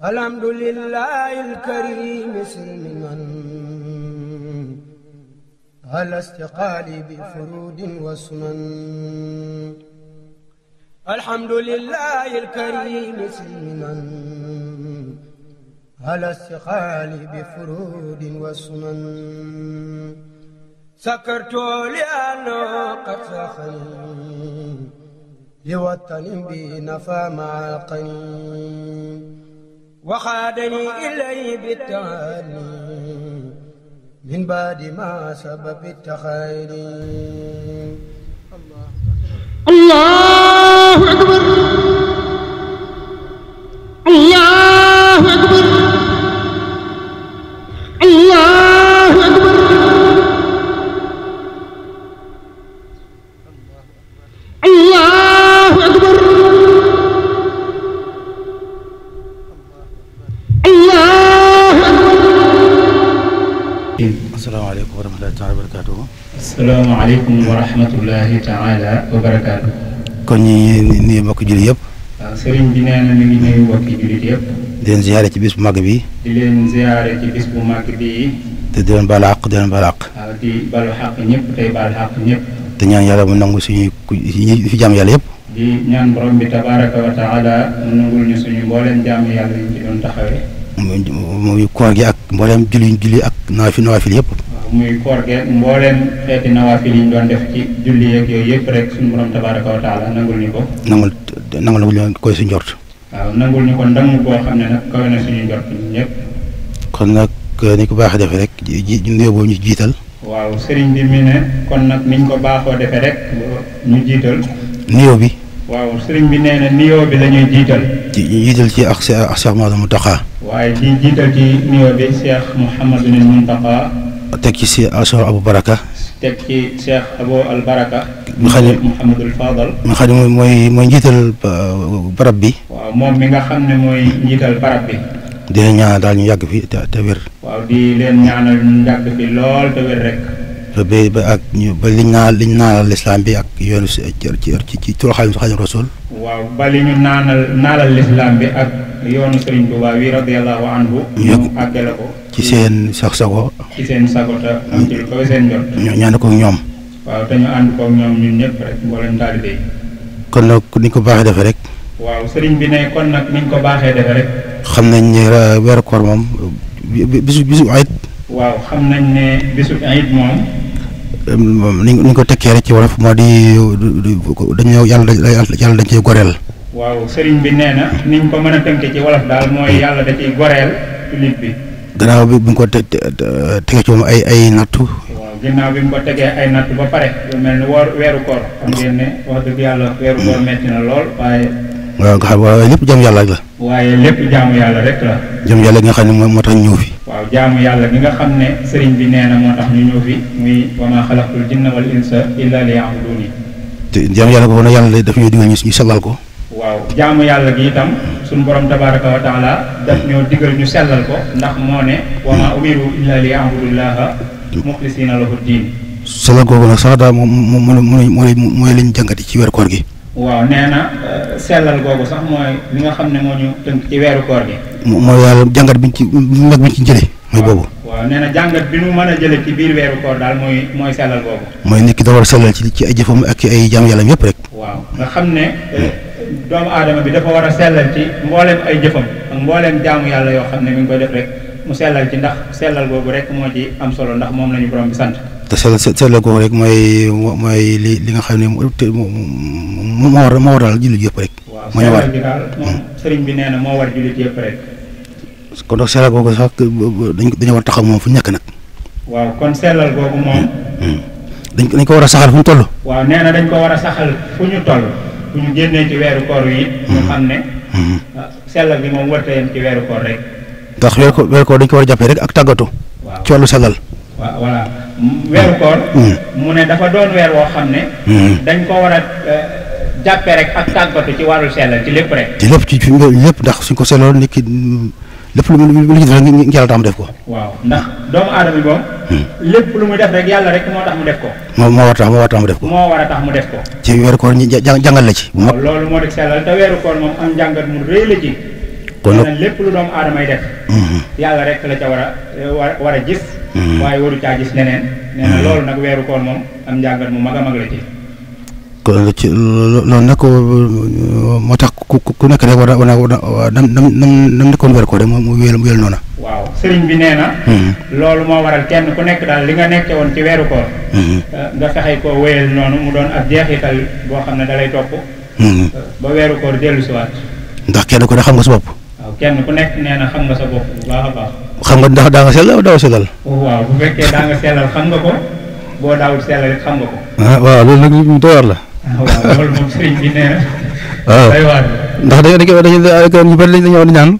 alhamdulillahi alkarim silmiman ala istiqaali bi furudin wa sunan alhamdulillahi alkarim silmiman ala istiqaali bi furudin wa sunan سكرت لأنه قد سخني لوطن بي نفى مع القنين waxaadani ilay bitaani min baadi ma sababi taxayri allahu akbar salaamaaleykum wa rahmatullahi taala wa barakaatu. kon ñi ñi ñuy mbokki jullit yëpp. waaw ah, sëriñ bi ngi nuyu mbokki jullit yëpp. di leen ziare ci bis bu màgg bi. di leen ziare ci bis bu màgg bi. di leen baal àq di leen baal àq. Ah, di balu àq ñëpp tey baal àq ñëpp. te ñaan yàlla mu nangu suñu yi fi jàmm yàlla yëpp. di ñaan borom bi tabaaraka wa taala mu nangul suñu mbooleem jàmm yàlla yi ñu doon taxawee. muy koor gi ak mbooleem julli julli ak naafil muy koor geeg mbooleem na nawaafil yi ñu doon def ci julli yeeg yooyu yëpp rek suñu borom tabaaraka wa taala nangul ñu ko. nangul nangul ñu koy suñu njort. waaw nangul ñu ko ndam boo xam ne nag kawe na suñu njort euh, ni ko baax defee rek ji ji nuyoo boobu ñu jiital. waaw sëriñ bi mi ne kon nag niñ ko baaxoo defee rek ñu jiital. nuyoo bi. waaw sëriñ bi nee na nuyoo bi la ñuy jiital. di jiital ci ak Cheikh Mouhamadou Mountakha. waaye di jiital ci nuyoo bi Cheikh Mouhamadou Mountakha. teg ci si Cheikh Abou Baraka. teg ci Cheikh Abou Al Baraka. mu xam ne mu xam ne mooy mooy njiital euh, barab bi. waaw moom mi nga xam ne mooy njiital barab bi. dina ñaanal daal ñu yàgg fi te te wér. waaw di leen ñaanal ñu yàgg fi lool te wér rek. ba ak ñu ba naa liñ naanal lislaam bi ak yoonu si ci ci ci turu Xaadimu Rasuul waaw ba li ñu naanal naalal bi ak yoonu Sëriñ Tuubaa wi radiyallaahu ko. ci seen sax sago. ci seen sago te ko ñu ñaan ko ñoom. waaw te ñu ànd ko ak ñoom ñun ñëpp rek mboolem taalibe yi. kon nag ni ko baaxee defee rek. waaw sëriñ bi ne kon nag ni ko baaxee defee rek. xam nañ ni weeru koor moom bisu bisu ayit. waaw xam nañ ne bisu ayit moom. ni ñu ko tekkee rek ci wolof moo di dañoo yàlla yàlla dañ cee goreel. waaw sëriñ bi nee ni ñu ko mën a tënk ci wolof daal mooy hmm. yàlla da ciy goreel nit bi. gannaaw bi ko te tegee ci moom mu ko tegee ay nattu ba pare mel ni woor weeru koor. xam ngeen ne wax dëgg yàlla weeru koor hmm. metti na lool waaye. waaw nga xam waaye lépp jaamu yàlla la. waaye lépp jaamu yàlla rek la. jaamu yàlla nga xam ne moo tax ñëw fi. waaw jaamu yàlla gi nga xam ne sëriñ bi nee na moo tax ñu ñëw fi muy wa maa xalaqtul jinna wal insa illa liya'buduni te jaamu yàlla ko. waaw jaamu yàlla gi itam suñu borom tabaaraka wa ñoo digal ñu sellal ko ndax moo ne. wa maa umiru illa liya'budullaha muxlisina lahu diin. sellal googu nag sax daal moom moom mooy mooy liñ jàngati ci weer koor gi. waaw nee na eh, sellal googu sax mooy li nga xam ne moo ñu tënk ci weeru koor gi. mooy yàlla jàngat bi ñu ci mag bi ci jëlee. mooy boobu waaw nee na jàngat bi mu mën a jële ci biir weeru koor daal mooy mooy sellal googu. mooy nit ki da war a ci ci ay ak ci ay jaam yàlla yëpp waaw nga xam ne. Eh, hmm. doomu aadama bi dafa war a sellal ci mbooleem ay jëfam mbooleem jaamu yàlla yoo xam ne mi koy def rek mu sellal ci ndax sellal boobu rek moo ci am solo ndax moom la ñu borom bi sant. te sell sell googu rek mooy mooy li nga xam ne moo war moo waral jullit yëpp rek. moo sellal bi daal hmm. moom sëriñ bi nee na moo war jullit yëpp rek. kon nag sellal dañ dañoo war taxaw moom fu ñàkk nag. waaw kon hmm. dañ ko war a saxal fu ñu waaw nee na dañ ko war a saxal fu ñu toll bu ci weeru koor yi. ñu hmm. xam ne. Ah, sellal bi moom warta yem ci weeru koor rek. ndax weeru koor dañ ko war a jàppee rek ak tàggatu. waaw ci wàllu sellal. weeru koor mu ne dafa doon weer woo xam ne dañ ko war a euh, jàppe rek ak tàggatu ci wàllu sellal ci lépp rek ci lépp ci fi lépp ndax suñ ko sellaloon nit ki lépp lu mu lu ci def rek ngi yàlla tax def ko waaw ndax doomu aadama bi lépp lu mu def rek yàlla rek moo tax mu def ko moo moo war tax moo war a tax mu def ko moo war a tax def ko ci weeru koor ñi jàngal la ci loolu moo di sellal te weeru koor moom am jàngat mu rëy la ci kon nag lépp lu doomu aadamay def mhm. yàlla rek la ca war a war a gis mhm. waaye waru caa gis leneen nee mhm. loolu nag weeru koor moom am njàngat mu mag a mag la ci kon ci loolu nag moo tax ku a war nam nam nekkoon weer ko rek mu wéyal wéyal waaw sëriñ bi nee loolu moo waral kenn ku nekk daal li nga nekke woon ci weeru koor. Eh, nga fexe ko wéyal noonu mu doon ab jeexital boo xam ne dalay topp. Eh, ba weeru koor dellusiwaat. ndax kenn ku ne xam nga si bopp. waaw kenn ku nekk nee na xam nga sa bopp bu baax a baax. xam nga ndax daa nga sellal daaw sellal. Oh, waaw bu fekkee daa nga sellal xam nga ko boo daawul sellal rek xam nga ko. ah waaw loolu nag lu doy waar la. dañu dañu dañu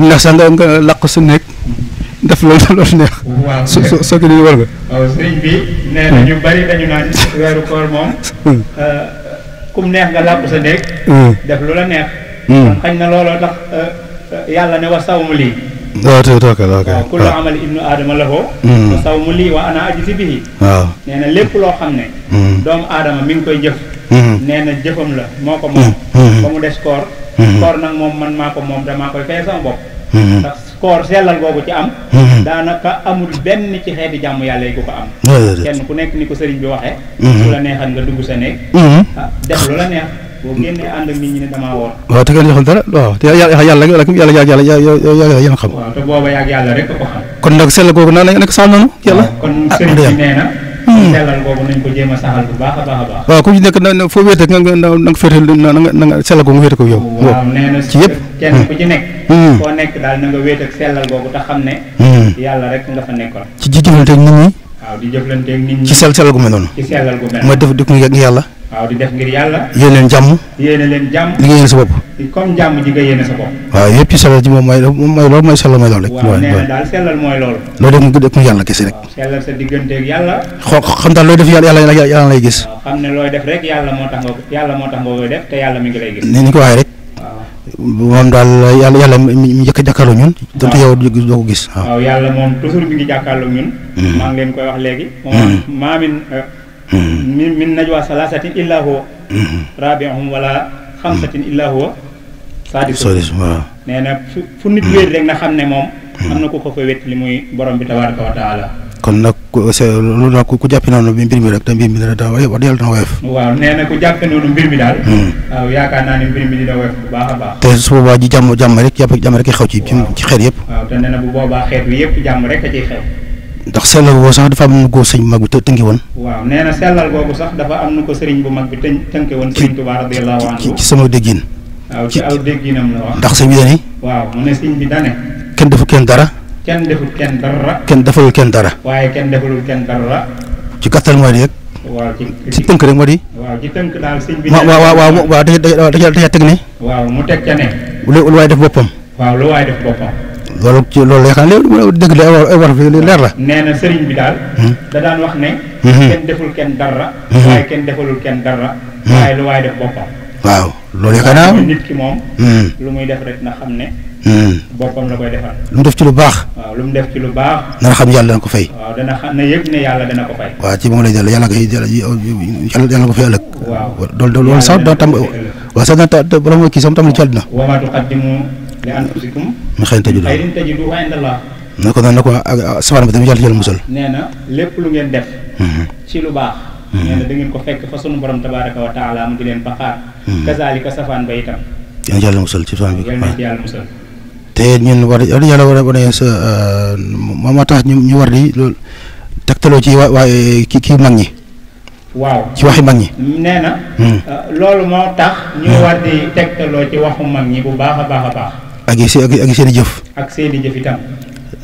ñu su nekk. def loolu loolu neex. Oh, waaw soo soo soo ko nii war nga. waaw sëriñ bi. nee na ñu weeru koor moom. Hmm. Ah, neex nga laq sa nekk. Hmm. def lu la neex. Hmm. kon xañ na looloo tax euh, euh, yàlla ne wa sawmu lii waaw tey ok ok waaw kullu amal ibnu aadama la ko saw sawmu lii wa ana ajzi bihi waaw nee na lépp loo xam ne hmm. doomu aadama mi ngi koy jëf hmm. nee na jëfam la moo ko moom ba mu des koor koor nag moom man maa ko moom damaa koy fay sama bopp ndax koor sellal googu ci am daanaka amul benn ci xeeti jàmm yàlla yi ku ko am kenn ku nekk ni ko sëriñ bi waxee su la neexal nga dugg sa néeg ah, def lu la neex boo génnee ànd ak nit ñi ne damaa woor. waaw te kenn joxul dara waaw te yàlla yàlla yàlla yàlla yàlla yéen xam. waaw te booba yaa yàlla rek ko xam. kon nag sell googu naan nekk sax noonu. yàlla kon sëriñ bi nee na. sellal googu nañ ko jéem a saxal bu baax a baax a baax. waaw ku ci nekk na foo wéete nga nga na nga féete na nga na nga sellal googu nga wéete ko yow. waaw nee na ci yëpp kenn ku ci nekk. foo nekk daal na nga wéet ak sellal googu te xam ne. yàlla rek nga fa nekkoon. ci jëflante nit ñi waaw di jëflanteeg nit ñi ci sell sellal gu mel noonu. ci sellal ko ngir yàlla. waaw di def sa bopp. comme jàmm ji sa bopp. waaw yëpp ci sellal ji moom mooy mooy loolu mooy sellal mooy loolu rek. waaw nee na daal sellal mooy loolu. loolu def mu def mu yàlla moo tax nga yàlla moo tax nga ko waxee rek moom daal yàlla yàlla mi njëkk a jàkkaarloo ñun. waaw donte yow doo ko gis waaw. yàlla moom toujours bi ngi jàkkaarloo ñun. Hmm. maa ngi leen koy wax léegi. Hmm. maa min euh, hmm. min min najwa salaasatin illaa huwa raabi'uhum wala xamsatin illaa huwa saadisuhum waaw nee na fu nit wéet rek na xam ne moom. am na ku ko fa wét li muy borom bi tabaaraka wa taala kon nag ku se noonu mbir mi rek te mbir mi na ku jàpp noonu mbir mi daal. Hmm. waaw yaakaar naa ne a baax. te su boobaa ji jàmm jàmm rek jàpp jàmm rek xew ci ci xeet yëpp. bu boobaa xeet bi yëpp jàmm rek a ciy xew. ndax sellal boobu sax dafa am woon. waaw nee na sellal boobu sax dafa am nu ko sëriñ bu mag bi tënki woon. sëriñ Tuubaa radiyallaahu anhu ci sama déggin. waaw ci ndax sëriñ bi dane. waaw mu ne sëriñ bi dane. kenn defu kenn dara kenn deful kenn dara. kenn defalul kenn dara. waaye kenn defalul kenn dara. ci gàttal moo di rek. waaw ci ci tënk rek moo di. waaw ci tënk daal sëñ bi. da da da teg ne. waaw mu teg ca ne. lu lu waay def boppam. waaw lu waay def boppam. loolu ci ne dëgg la ay war leer la. na sëriñ bi daal. Hmm. da daan wax ne. Hmm. kenn deful kenn dara. Hmm. waaye kenn defalul kenn dara. waaye lu waay def boppam. waaw loolu yaakaar naa nit ki moom. lu muy def rek na xam ne. Hmm. boppam la koy defar. lu mu def ci lu baax. waaw lu mu lu baax. dana xam yàlla dana ko fay. waaw dana xam ne yëg ne yàlla dana ko fay. waaw ci moom lay jàll yàlla kay yàlla yàlla ko fay ëllëg. waaw loolu sax dana tam waaw sax dana ta bala tam ko na ko safara bi tamit yàlla yàlla musal. nee na lépp lu ngeen def. Hmm. ci lu baax. Hmm. nee na da ko fekk fa sunu borom tabaaraka wa taala mu di leen baxaar. kazaalika safaan ba itam. yàlla na musal ci safaan bi. yàlla musal. te ñun war war yàlla war a war sa euh, moom moo tax ñu ñu war di loolu tegtaloo ci wa waa ki kii mag ñi. waaw ci waxi mag ñi. nee na. Hmm. Euh, loolu hmm. di tegtaloo ci waxu mag ñi bu baax a baax a baax. ak yi seen ak seen jëf. ak seen i jëf itam.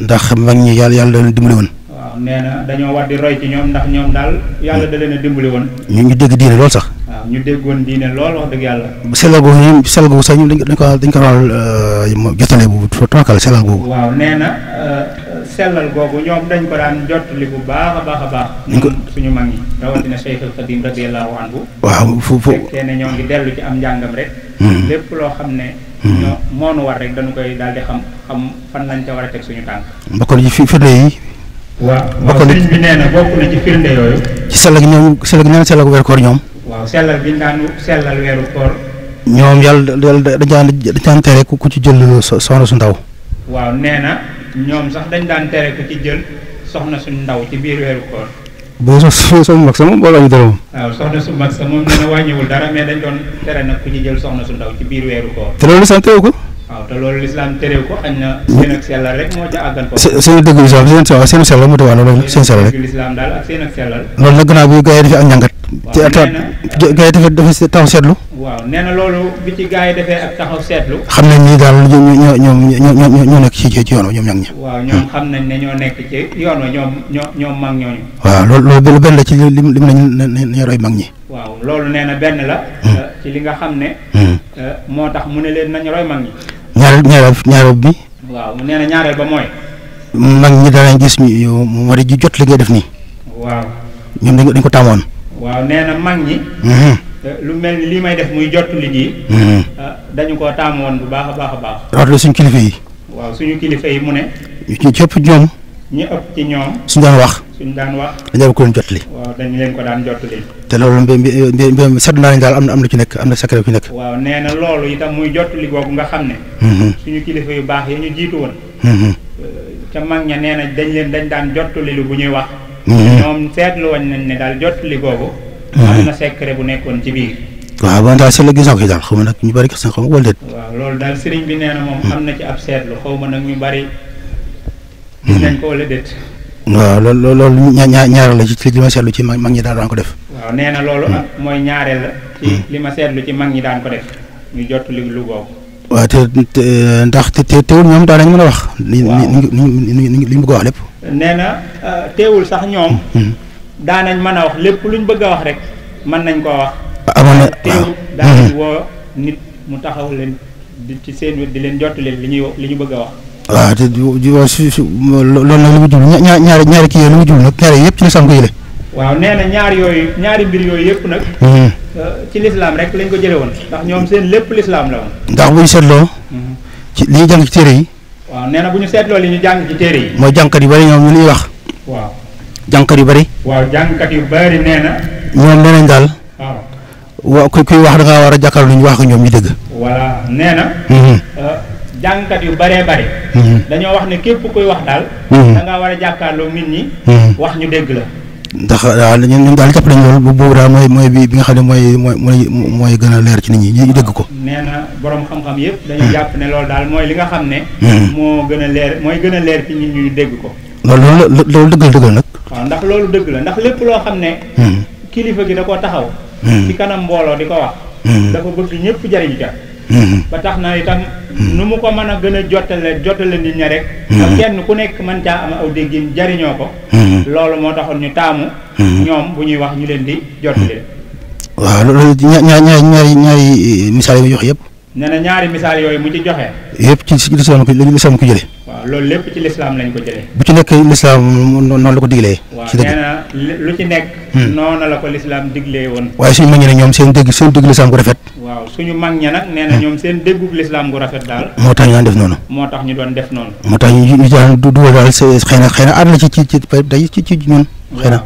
ndax mag ñi yàlla yàlla da leen dimbali woon. waaw nee na dañoo war di roy ci ñoom ndax ñoom daal yàlla da leen a woon. ñu ñu dégg diine lool sax. waaw ñu déggoon diine lool wax dëgg yàlla. sellal googu ñoom sellal googu sax ñun dañ ko dañ ko daal euh, jotale bu tookal sellal googu. waaw nee na euh, sellal googu ñoom dañ ko daan jottali bu baax a baax a baax. ko suñu mag yi rawatina Cheikh al Khadim radiyallahu anhu. waaw fu fu fekkee ne ñoo dellu ci am njàngam rek. Hmm. lépp loo xam ne. Hmm. ñoo moonu war rek dañu koy daal di xam xam fan lañ ca war a teg suñu tànk. bokk na ci firnde yi. waaw bokk ci firnde yooyu. ci sell gi ñoom sell gi nee na sell gu ñoom. waaw sellal bi ñu daan sellal weeru koor. ñoom yàlla dañu daan dañu tere ku ci jël lu soxna su ndaw. waaw nee na ñoom sax dañ daan tere ku ci su ndaw ci biir weeru koor. boo soxna su mag sa moom boo wàññi su mag sa moom nee na wàññiwul dara dañ doon tere ku ci jël soxna su ndaw ci biir weeru koor. te loolu lislaam terewu ko. loolu lislaam terewu ko xañ na. seen ak sellal rek moo ca àggan ko. seen seen dëgg lislaam seen loolu seen sellal rek. loolu nag gannaaw bi gars dafay am njàngat ci ataat gaa yi dafa dafa taxaw seetlu. waaw nee na loolu bi ci gaa yi defee ak taxaw seetlu. xam nañ ni daal ñoom ñoo ñoo nekk ci yoon wa ñoom ñoo waaw ñoom xam nañ ne ñoo nekk yoon wa ñoo ñoom mag ñooñu. waaw loolu loolu benn la ci li lim nañ ne roy mag ñi. waaw loolu nee na benn la. Hmm. Euh, ci li nga xam ne. Hmm. Euh, moo tax mu ne leen nañ roy mag ñi. ñaareel ñaareel ñaareel bi. waaw nee na ñaareel ba mooy. mag ñi danañ gis ñu war a jot li nga def nii. waaw ñoom dañ ko dañ ko waaw nee na mag ñi. Mm-hmm. lu mel ni lii may def muy jot li ji. Mm-hmm. Ah, dañu koo taamu woon bu baax a baax a baax. rawatina suñu kilifa yi. waaw suñu kilifa yi mu ne. ñu ci ëpp ñoom. ñu ëpp ci ñoom. wax. suñu daan wax. dañu ko doon jot li. waaw leen ko daan jot te loolu mbi mbi mbi seetlu naa ne daal am na am na ci nekk am na secret ci nekk. waaw nee na loolu itam muy jot li googu nga xam ne. Mm-hmm. suñu kilifa yu baax yi ñu jiitu woon. ca mag ña nee na dañ leen dañ daan jot li bu ñuy wax. Mm-hmm. ñoom seetlu woon nañ ne daal jottali googu. Mm-hmm. am na secret bu nekkoon ci biir. waaw man daal seetlu gis naa ko xaw ma nag ñu bari gis na ko wala loolu daal sëriñ bi nee na na ci ab seetlu xaw ma nag ñu bari. gis nañ ko wala déet. waaw loolu mm-hmm. loolu ñaar ñaareel la ci li ma seetlu ci mag ñi daan ko def. waaw nee na loolu. mooy ñaareel la. ci li ma seetlu ci mag ñi daan ko def. ñu jottali lu googu. waaw te ndax te teewul ñoom daal dañu mën a wax. li li li ñu bëgg a wax lépp. nee na euh, teewul sax ñoom. Hmm. daanañ mën a wax lépp luñ bëgg a wax rek mën nañ koo wax. Ah, amoon na teewul daanañ hmm. woo nit mu taxaw leen di ci seen wet leen jot leen li ñuy li ñu bëgg a wax. waaw te di waa su su loolu nag lu mu jublu ñaar ñaar ñaari kii yooyu lu mu jublu nag ñaari yëpp ci la sànq yële. waaw nee ñaar yooyu ñaari mbir yooyu yëpp nag. Hmm. ci lislaam rek lañ ko jële woon ndax ñoom seen lépp lislaam la woon. ndax bu ñu seetloo. Mhm. ci li ñu jàng ci téere yi. waaw nee bu ñu seetloo li ñu jàng ci téere yi. mooy jàngkat yu bari ñoom ñu yu bari. waaw jàngkat yu bari nee na. ñoom nee nañ daal. waaw wax da war a jàkkaarloo ñu wax ak ñoom ñu dëgg. voilà nee na. Mhm. Euh, jàngkat yu baree bare. Mhm. dañoo wax ne képp kuy wax daal. da ngaa war a jàkkaarloo ñi. wax ñu dégg la. ndax daal ah, ñun daal jàpp nañu loolu boobu daal mooy mooy bi nga xam ne mooy mooy mooy gën a leer ci nit ñi ñu dégg ko. Ah, nee na borom xam-xam yëpp. dañu hmm. jàpp ne loolu daal mooy li nga xam ne. Hmm. moo gën a leer mooy gën a leer ci nit ñi dégg ko. loolu loolu loolu dëgg la dëgg la nag. waaw ndax loolu dégg la ndax lépp loo xam ne. Hmm. kilifa gi da koo taxaw. ci kanam mbooloo di ko wax. dafa bëgg ñëpp jariñ ja ba tax na itam nu mu ko mën a gën a jottale jottale nit ña rek mm-hmm. ak kenn ku nekk mën caa am aw déggin jariñoo ko mm-hmm. loolu moo taxoon ñu taamu mm-hmm. ñoom bu ñuy wax ñu leen di jottale waaw loolu ñaari ñaari ñaari eh, misaal yi mu joxe yëpp nee na ñaari misaal yooyu mu ci joxe yëpp ci lislaam ko lislaam ko jële loolu lépp ci lislaam lañ ko jëlee. bu ci nekk lislaam noonu la ko diglee. ci dëgg waaw nee na lu ci nekk. Hmm. noonu la ko lislaam diglee woon. waaye suñu mag ñi nag ñoom seen dégg seen dégg lislaam gu rafet. waaw suñu mag ña nag nee na ñoom seen déggug lislaam gu rafet daal. moo tax ñu daan def noonu. moo tax ñu doon def noonu. moo tax ñu ñu daan du dugal daal xëy na xëy na aada la ci ci ci day ci ci ñun xëy na.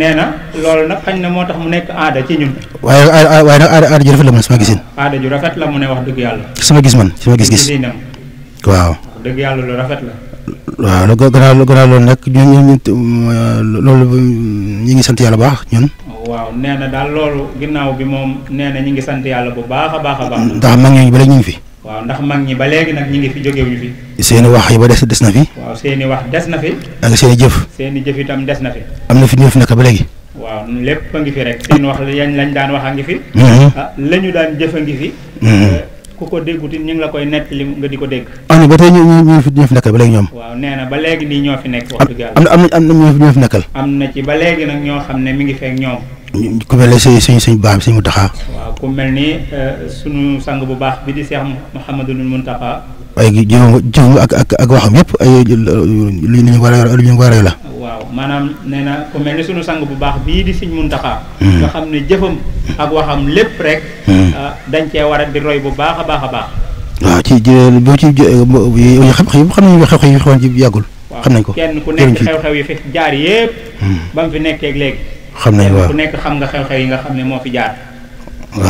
nee na loolu nag xañ na moo tax mu nekk aada ci ñun. waaye waaye nag aada aada ju rafet la man sama gisin. aada ju rafet la mu ne wax dëgg yàlla. sama gis man sama gis-gis. waaw dëgg yàlla lu rafet la. waaw lu gannaaw lu gannaaw loolu nag ñun ñun ñu ngi sant yàlla bu baax ñun. waaw nee na daal loolu ginnaaw bi moom nee na ñu ngi sant yàlla bu baax a baax a baax. ndax mag ñu ngi fi. waaw ndax mag ñi ba léegi nag ñu ngi fi jógewuñu fi. seen i wax yi ba des des na fi. waaw seen i wax des na fi. ak seen i jëf. seen i jëf itam des na fi. am na fi ñoo fi nekk ba léegi. waaw lépp a ngi fi rek seen wax yañ lañ daan wax a ngi fi. Mm-hmm. ah daan jëf a ngi fi. Mm-hmm. Eh, ku ko dégguti ñu ngi la koy nettali nga di ko dégg. am na ba tey ñu ñu fi nekkal ba léegi ñoom. waaw nee na ba léegi nii ñoo fi nekk. wax dëgg na am na ñoo fi ñoo nekkal. am na ci ba léegi nag ñoo xam ne mi ngi feek ñoom. ku mel ne sëñ sëñ sëñ baam sëñ Muntaxa. waaw ku mel ni euh, sunu sang bu baax bi di Seex Muhammadul Muntaxa. waaye jëmm jëmm ak ak ak waxam yëpp ay lu ñu war a lu ñu war la. waaw maanaam ne na ku mel ni sunu sang bu baax bii di Sëñ Muntaxa hmm. nga xam ne jëfam ak waxam lépp rek hmm. ah, dañ cee war a di roy bu baax a baax a baax waaw ci boo ci xam xam nañu xew-xew yi xewoon ci yàggul xam nañ ko kenn ku nekk xew-xew yi fi jaar yépp hmm. ba mu fi nekkeek léegi xam nañ waaw ku nekk xam nga xew-xew yi nga xam ne moo fi jaar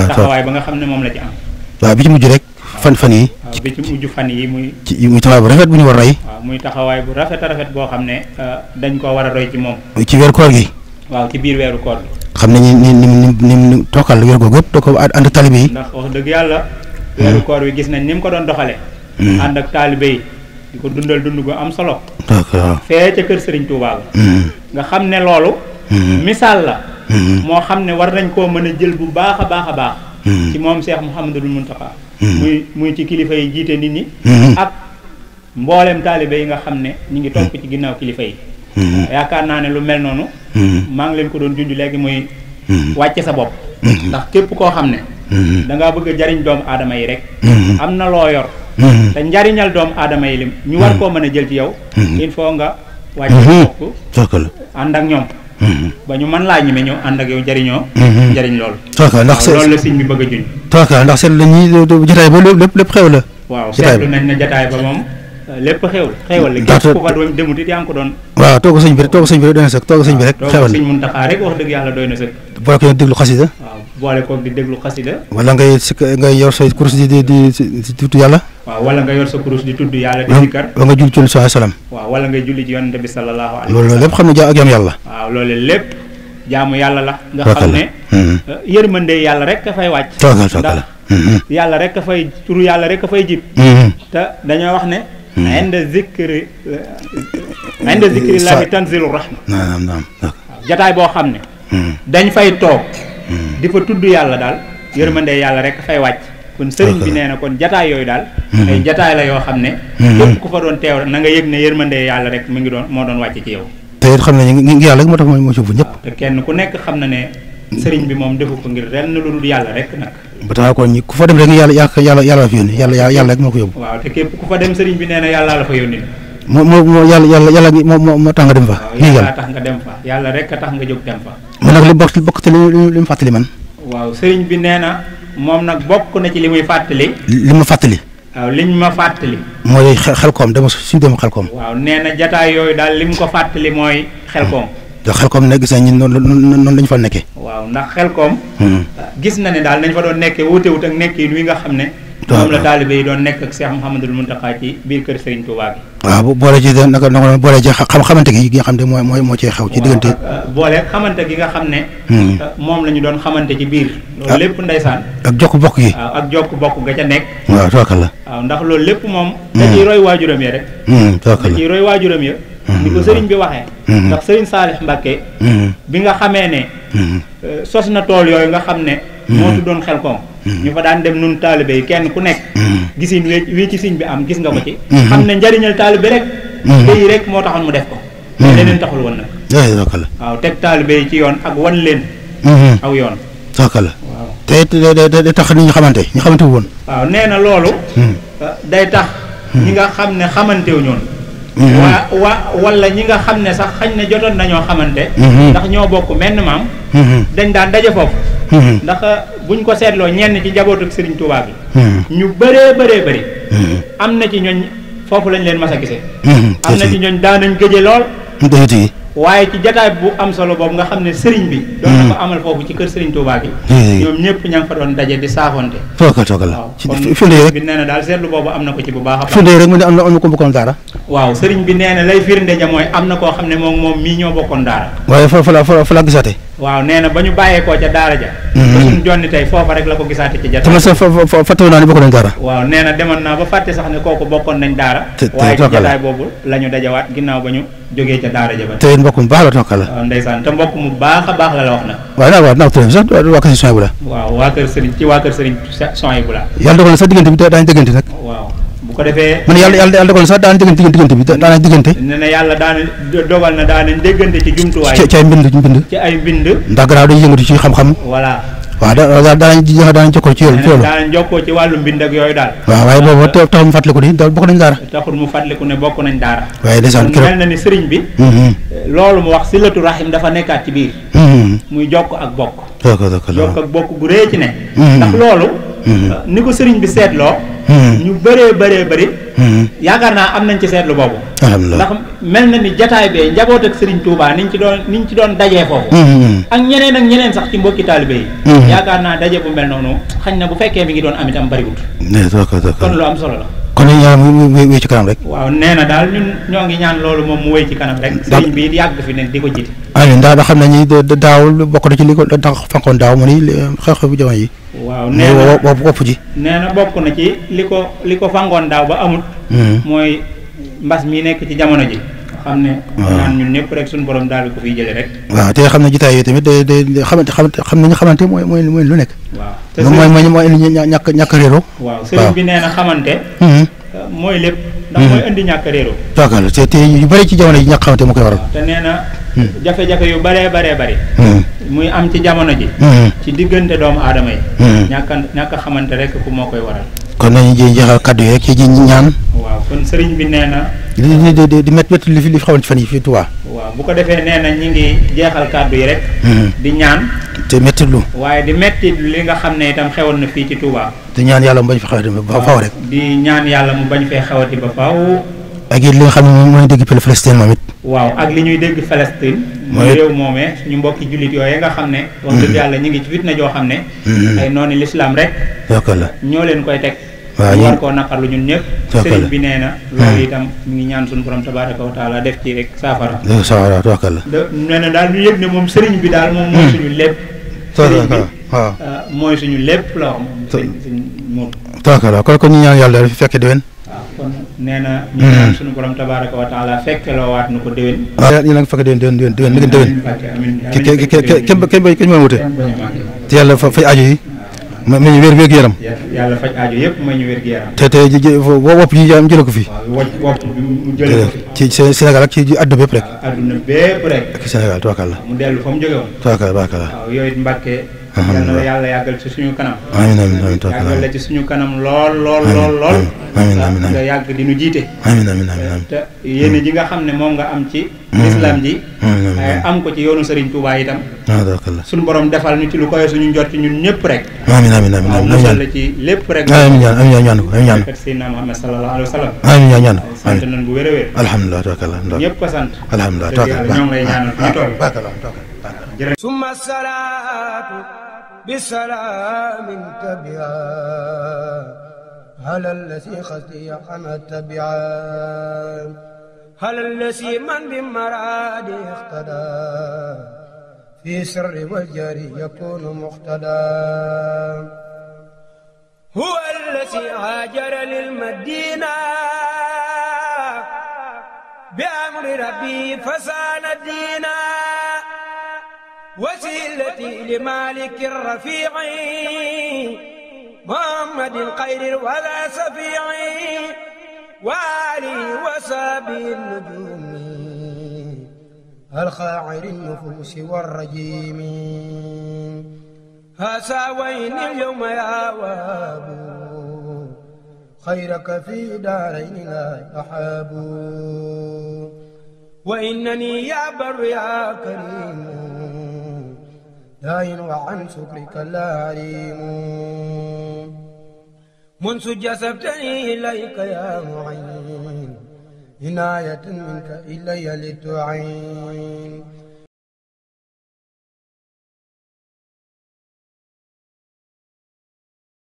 taxawaay ba nga xam ne moom la ci am waaw bi ci mujj rek fan fan yi ah, bi ci mujj fan yi muy ci muy taxawaay bu rafet ñu war a muy taxawaay bu rafet rafet boo xam ne euh, dañ koo war a roy ci moom ci weer koor gi waaw ci biir weeru koor gi xam ne ni ni ni ni ni tokkal weer googu yëpp da ko ànd ak taalibe yi wax dëgg yàlla hmm. weeru koor gis nañ ni mu ko doon doxale hmm. ànd ak taalibe di ko dundal dund gu am solo fee ca kër Serigne Touba hmm. nga xam ne loolu misaal la moo xam ne war nañ koo mën a jël bu baax a baax a baax ci moom Cheikh Mouhamadoul Mountakha Hmm. muy muy ci kilifa yi jiite nit ñi hmm. ak mboolem taalibe yi nga xam ne ñu ngi topp hmm. ci ginnaaw kilifa yi yaakaar naa ne lu mel noonu maa ngi leen ko doon junj léegi muy wàcce sa bopp ndax képp koo xam ne da ngaa bëgg a jariñ doomu aadama yi rek am na loo yor te njariñal doomu aadama yi lim ñu war koo mën a jël ci yow il faut nga wàcce sa bopp ànd ak ñoom ba ñu mën laa ñeme ñëw ànd ak yow jariñoo mhm. jariñ lool taaka ndax seen loolu la bi bëgg a juñ taaka ndax seen la ñuy jataay ba lépp xew la waaw seetlu nañ ne jataay ba moom euh, lépp xew la xewal la képp ku fa doon demut it yaa ko doon waaw toog sëñ bi rek toog sëñ bi rek doy na sëkk toog sëñ bi rek xewal sëñ Muntaxa rek wax dëgg yàlla doy na sëkk boo ko déglu xasida boole koog di déglu xasida wala ngay si ngay yor sa kurus di di di di tudd yàlla. waaw wala nga yor sa kurus di tudd yàlla. di zikar wa nga julli ci sallallahu alayhi wasallam. waaw wala nga julli ci yonent bi sallallahu alayhi wasallam. loolu lépp xam ne jaa ak yam yàlla. waaw loolu lépp jaamu yàlla la. nga xam ne. Hmm. Euh, yërmande yàlla rek ka fay wàcc. ndax hmm. yàlla rek ka fay turu yàlla rek ka fay jib. Hmm. te dañoo wax ne. inda zikri euh, inda zikri laahi tanzilu rahma. naam naam jataay boo xam ne. dañ fay toog. di fa tudd yàlla daal yërmande yàlla rek fay wàcc kon sëriñ bi nee na kon jataay yooyu daal hmm. ay jataay la yoo xam ne hmm. képp ku fa doon teew na nga yëg ne yërmande yàlla rek ngi doon moo doon wàcc ci yow te it xam ne ngi kenn ku nekk xam na ne sëriñ bi moom defu ko ngir ren lu yàlla rek nag ba tax kon ñi ku fa dem rek yàlla yàlla la fa ko yóbbu waaw te képp ku fa dem sëriñ bi nee na la fa yónni moo moo moo yàlla yàlla yàlla moo tax nga dem fa yàlla tax nga dem fa yàlla rek tax nga jóg dem fa nag li bokk bokk ci li li mu fàttali man. waaw sëriñ bi nee na moom nag bokk na ci li muy fàttali. li ma fàttali. waaw liñ ma fàttali. mooy xel koom dama suñu dem xel koom. waaw nee na jataay yooyu daal li mu ko fàttali mooy xel koom. te hmm. xel koom nag gis nañ ñun noonu lañu fa nekkee. waaw ndax xel koom. Hmm. gis na ne daal nañ fa doon nekkee wuute wut ak nekk yi nga xam ne. moom la taalibe yi doon nekk ak Cheikh Mouhamadul Mountakha ci biir kër Serigne Touba bi. waaw boole ci naka naka boole ci xam xamante gi xam ne mooy mooy moo cee xew. ci diggante boole xamante gi nga xam ne. Hmm. moom la ñu doon xamante ci biir. Ah. loolu lépp ndeysaan. ak jokk bokk yi. ak jokk bokk ga ca nekk. waaw tookal la. waaw ndax loolu lépp moom. da hmm. ciy roy waajuram ya rek. Hmm, tookal la da ciy roy waajuram ya. ni ko sëriñ bi waxee. ndax sëriñ Saalix Mbàkke bi nga xamee ne. Eh, sos na tool yooyu nga xam ne. moo tuddoon xel koom. Mm-hmm. ñu fa daan dem nun taalibe yi kenn ku nekk mm-hmm. gisin wii ci siñ bi am gis nga ko ci mm-hmm. xam ne njariñal taalibe rek béy rek moo taxoon mu def ko leneen taxul woon nag waaw teg taalibe yi ci yoon ak wan leen aw yoon sakala waaw te it tax ni ñu xamante ñu xamante wu woon waaw nee na loolu day tax ñi nga xam ne xamante wu ñoon Mhm. waa wa wala ñi nga xam ne sax xañ ne jotoon nañoo xamante mhm. ndax ñoo bokk menn maam mhm. dañ daan daje foofu ndax euh, buñ ko seetloo ñenn ci njabootu Sëriñ Tuubaa bi ñu bëree bëree bëri am na ci ñooñ foofu lañ leen mas a gisee am na ci ñooñ daanañ gëje lool waaye ci jataay bu am solo boobu xam ne sëriñ bi doon na ko amal foofu ci kër sëriñ Touba bi ñoom ñëpp ña ngi fa doon daje di saafonte fooga tooga la rek ko ci bu a baax mu ne am na am na ko mbokkoon daara waaw sëriñ bi nee na lay firnde ja mooy am na koo xam ne moom moom mii ñoo bokkoon daara. waaye fa fa la fa la gisaate. waaw nee na ba ñu bàyyeekoo ca daara ja. Mhm. ba suñ jonni tey foofa rek la ko gisaate ci jataay. tamit sa fa fa fàttewoon naa ne bokkoon nañ daara. waaw nee na demoon naa ba fàtte sax ne kooku bokkoon nañ daara. te waaye ci jataay boobu la ñu dajawaat ginnaaw ba ñu jógee ca daara ja ba. te mbokk mu baax la tonka la. waaw ndeysaan te mbokk mu baax a baax la la wax na. waaw naa waaw naa ko tëjee sax waa kër sëriñ bu la. waaw waa kër sëriñ ci waa kër sëriñ son yi bu la. yàlla dogal na sax diggante bi daañu diggante nag. waaw bu ko defee man yàlla yàlla yàlla dogal na sax daana diggante diggante bi déggante ci jumtuwaay ci ay mbind mbind ci ay mbind ndax gannaaw dañuy yëngatu ci xam-xam voilà waaw da daanañ jokkoo ci yoolu daanañ jokkoo ci wàllu mbind ak yooyu daal waaw waaye boobu taxul mu fàttaliku ni daal bokk nañ daara taxul mu fàttaliku ne bokk nañ daara waaye ndeysaan mel bi mm-hmm. loolu mu wax silatu rahim dafa nekkaat ci biir mm-hmm. muy jokk ak bokk jokk ak bokk gu rëy ci ne mm-hmm. ndax loolu ni ko sëriñ bi seetloo Hmm. ñu bëree bëree bëri hmm. yaakaar naa am nañ ci seetlu boobu ndax mel na ni jataay bee njaboot ak sëriñ Serigne Touba ñu ci doon ñu ci doon dajee foofu hmm, ak ñeneen ak ñeneen sax ci mbokki taalibe yi yaakaar naa daje bu mel noonu xañ na bu fekkee mi ngi doon am itam bëriwut kon lu am solo la ñaan mu wéy ci kanam rek. waaw nee na daal ñun ñoo ngi ñaan loolu moom mu wéy ci kanam rek. sëriñ bi yàgg fi ne di ko jiite. amiin daa xam nañu daaw bokk na ci li daaw na bopp ji. nee na bokk na ci li ko li ko fangoon daaw ba amul. Hmm. mooy mbas mi nekk ci jamono ji. xam ne. Hmm. ñaan ñun ñëpp rek suñu borom daal ko fiy jëlee rek. waaw te xam ne jotaay yooyu tamit day day xamante xam nañu xamante mooy mooy lu nekk. waaw te sëriñ mooy mooy mooy ñàkk ñàkk réeroo. waaw sëriñ bi nee xamante. Hmm. mooy lépp. Hmm. ndax mooy indi ñàkk réeroo. d'accord te yu bëri ci jamono ji ñàkk xamante moo koy waral. te nee na. Hmm. jafe-jafe yu bëree bëree bëri. Hmm. muy am ci jamono ji. ci diggante doomu aadama yi. ñàkk ñàkk xamante rek ku moo koy waral. kon nañu jéem kaddu yi rek ci ñaan. waaw kon sëriñ bi nee na. di di di di met wetu li fi li fi xawoon ci fan yi fii Touba. waaw bu ko defee nee na ñi ngi jeexal kàddu yi rek. Hmm. di ñaan. te metti lu. waaye di metti li nga xam ne itam xewoon na fii ci Touba. di ñaan yàlla mu bañ fa xewati ba faaw ñaan yàlla mu bañ fee xewati ba faaw. ak it li nga xam ne moom mooy dégg Palestine moom it. waaw ak li ñuy dégg Palestine. mooy réew moomee ñu mbokki jullit yooyu nga xam ne. wax hmm. yàlla ñu ngi ci na joo xam ne. Hmm. ay noonu l'islam rek. ñoo leen koy teg. waaw ñu war koo naqarlu ñun ñëpp. sëriñ bi nee loolu itam ñu ngi ñaan suñu borom tabaaraka wa def ci rek saafara. saafara tawakkal la. na daal ñu yëg ne moom sëriñ bi daal moom mooy suñu suñu lépp la la kon kon ñu ñaan yàlla daal fi fekk déwén. waaw kon nee na. ñu ñaan suñu borom tabaaraka wa taala fekk la waat nu ko déwén. ma ma ñu wér wér yaram. yàlla yëpp ma ñu wér yaram. te te ji ji wopp ko fi. waaw wopp mu jëlee ko fi. ci Sénégal ak ci àdduna bépp rek. àdduna bépp rek. ak Sénégal tubaakal la. mu dellu fa jóge woon. tubaakal tubaakal la. yal na la yàlla yàggal ci suñu kanam amiin amiin amiin yàggal la ci suñu kanam lool lool lool lool amiin amiin amiin nga yàgg di nu jiite amiin amiin amiin te ci lislaam ji ko ci yoonu Serigne Touba itam suñu borom defal ñu ci lu koy suñu njot ci ñun ñëpp rek amiin amiin amiin nosal la ci lépp rek amiin ñaan amiin ñaan ko amiin ñaan ko Seydina Muhammad sallallahu alayhi wa sallam amiin ñaan ñaan sant nañ bu wér sant alhamdulilah tawakkal ñoo ngi lay ñaanal fi toog بسلام تبعا على الذي خزي أنا تبعا على الذي من بمراد اقتدى في سر والجري يكون مقتدى هو الذي هاجر للمدينة بأمر ربي فسان الدينا وسيلتي لمالك الرفيع محمد الخير ولا سفيع والي وسابي النجوم الخاعر النفوس والرجيم هساوين اليوم يا وابو خيرك في دارين لا أحاب وإنني يا بر يا كريم داين وعن سكرك الهريم منذ جسبتني إليك يا معين عناية منك إلي لتعين